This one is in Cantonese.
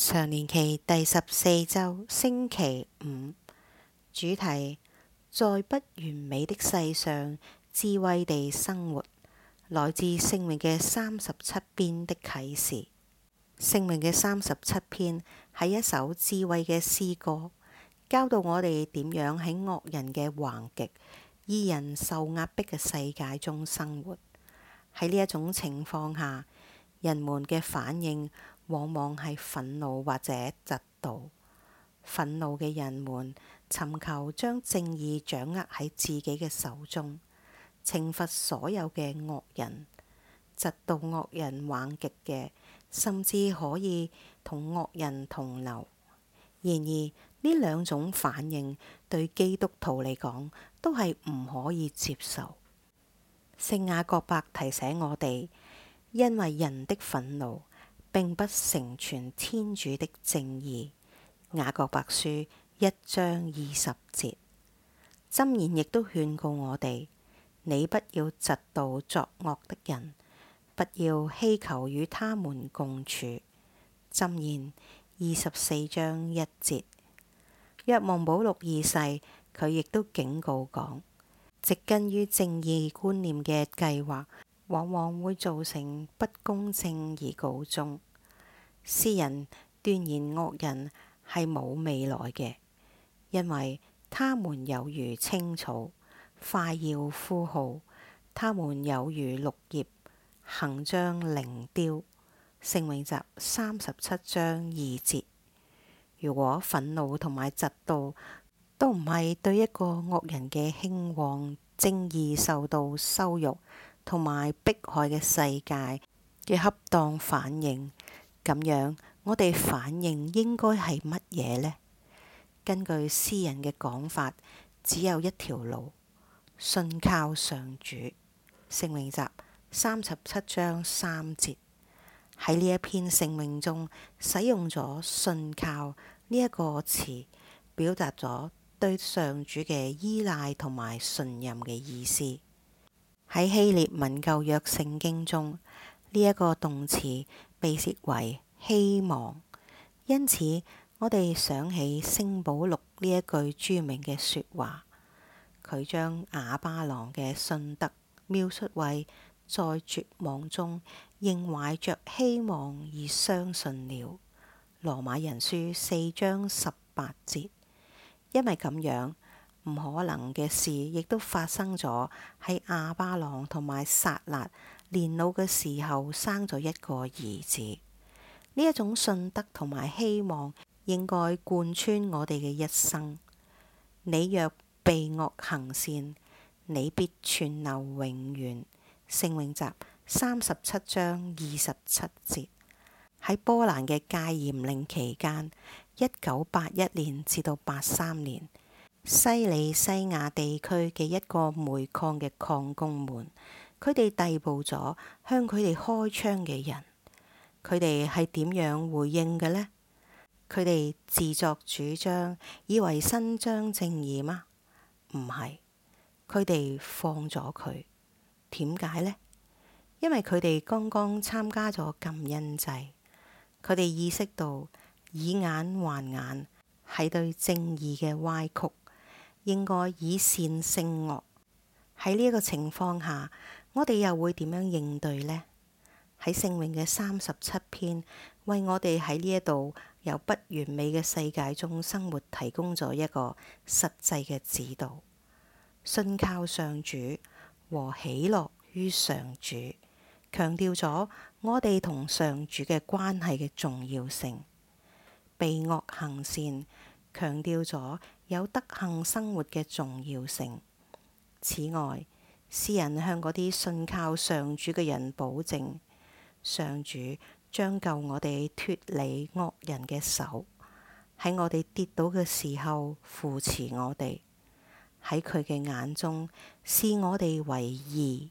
常年期第十四周，星期五，主題：在不完美的世上，智慧地生活。來自聖詠嘅三十七篇的啟示。聖詠嘅三十七篇係一首智慧嘅詩歌，教導我哋點樣喺惡人嘅橫極、義人受壓迫嘅世界中生活。喺呢一種情況下，人們嘅反應。往往係憤怒或者嫉妒。憤怒嘅人們尋求將正義掌握喺自己嘅手中，懲罰所有嘅惡人；嫉妒惡人橫極嘅，甚至可以同惡人同流。然而呢兩種反應對基督徒嚟講都係唔可以接受。聖雅各伯提醒我哋，因為人的忿怒。並不成全天主的正義，《雅各伯書》一章二十節。箴言亦都勸告我哋：你不要嫉妒作惡的人，不要希求與他們共處。箴言二十四章一節。若望保祿二世，佢亦都警告講：植根於正義觀念嘅計劃。往往會造成不公正而告終。詩人斷言惡人係冇未來嘅，因為他們有如青草，快要枯槁；他們有如綠葉，行將零凋。聖詠集三十七章二節。如果憤怒同埋嫉妒都唔係對一個惡人嘅興旺、正義受到羞辱同埋迫害嘅世界嘅恰當反應，咁樣我哋反應應該係乜嘢呢？根據詩人嘅講法，只有一條路，信靠上主。聖詠集三十七章三節。喺呢一篇聖詠中使用咗“信靠”呢一個詞，表達咗對上主嘅依賴同埋信任嘅意思。喺希臘文舊約聖經中，呢、這、一個動詞被譯為希望，因此我哋想起《聖保祿》呢一句著名嘅説話：佢將亞巴郎嘅信德描述為，在絕望中仍懷著希望而相信了。《羅馬人書》四章十八節，因為咁樣。唔可能嘅事，亦都發生咗喺亞巴郎同埋撒辣年老嘅時候，生咗一個兒子。呢一種信德同埋希望，應該貫穿我哋嘅一生。你若避惡行善，你必存留永遠。聖詠集三十七章二十七節。喺波蘭嘅戒嚴令期間，一九八一年至到八三年。西里西亞地區嘅一個煤礦嘅礦工們，佢哋逮捕咗向佢哋開槍嘅人，佢哋係點樣回應嘅呢？佢哋自作主張，以為伸張正義嗎？唔係，佢哋放咗佢。點解呢？因為佢哋剛剛參加咗感恩祭，佢哋意識到以眼還眼係對正義嘅歪曲。應該以善勝惡。喺呢一個情況下，我哋又會點樣應對呢？喺聖詠嘅三十七篇，為我哋喺呢一度有不完美嘅世界中生活提供咗一個實際嘅指導。信靠上主和喜樂於上主，強調咗我哋同上主嘅關係嘅重要性。避惡行善，強調咗有德行生活嘅重要性。此外，詩人向嗰啲信靠上主嘅人保證，上主將救我哋脫離惡人嘅手，喺我哋跌倒嘅時候扶持我哋。喺佢嘅眼中，視我哋為義。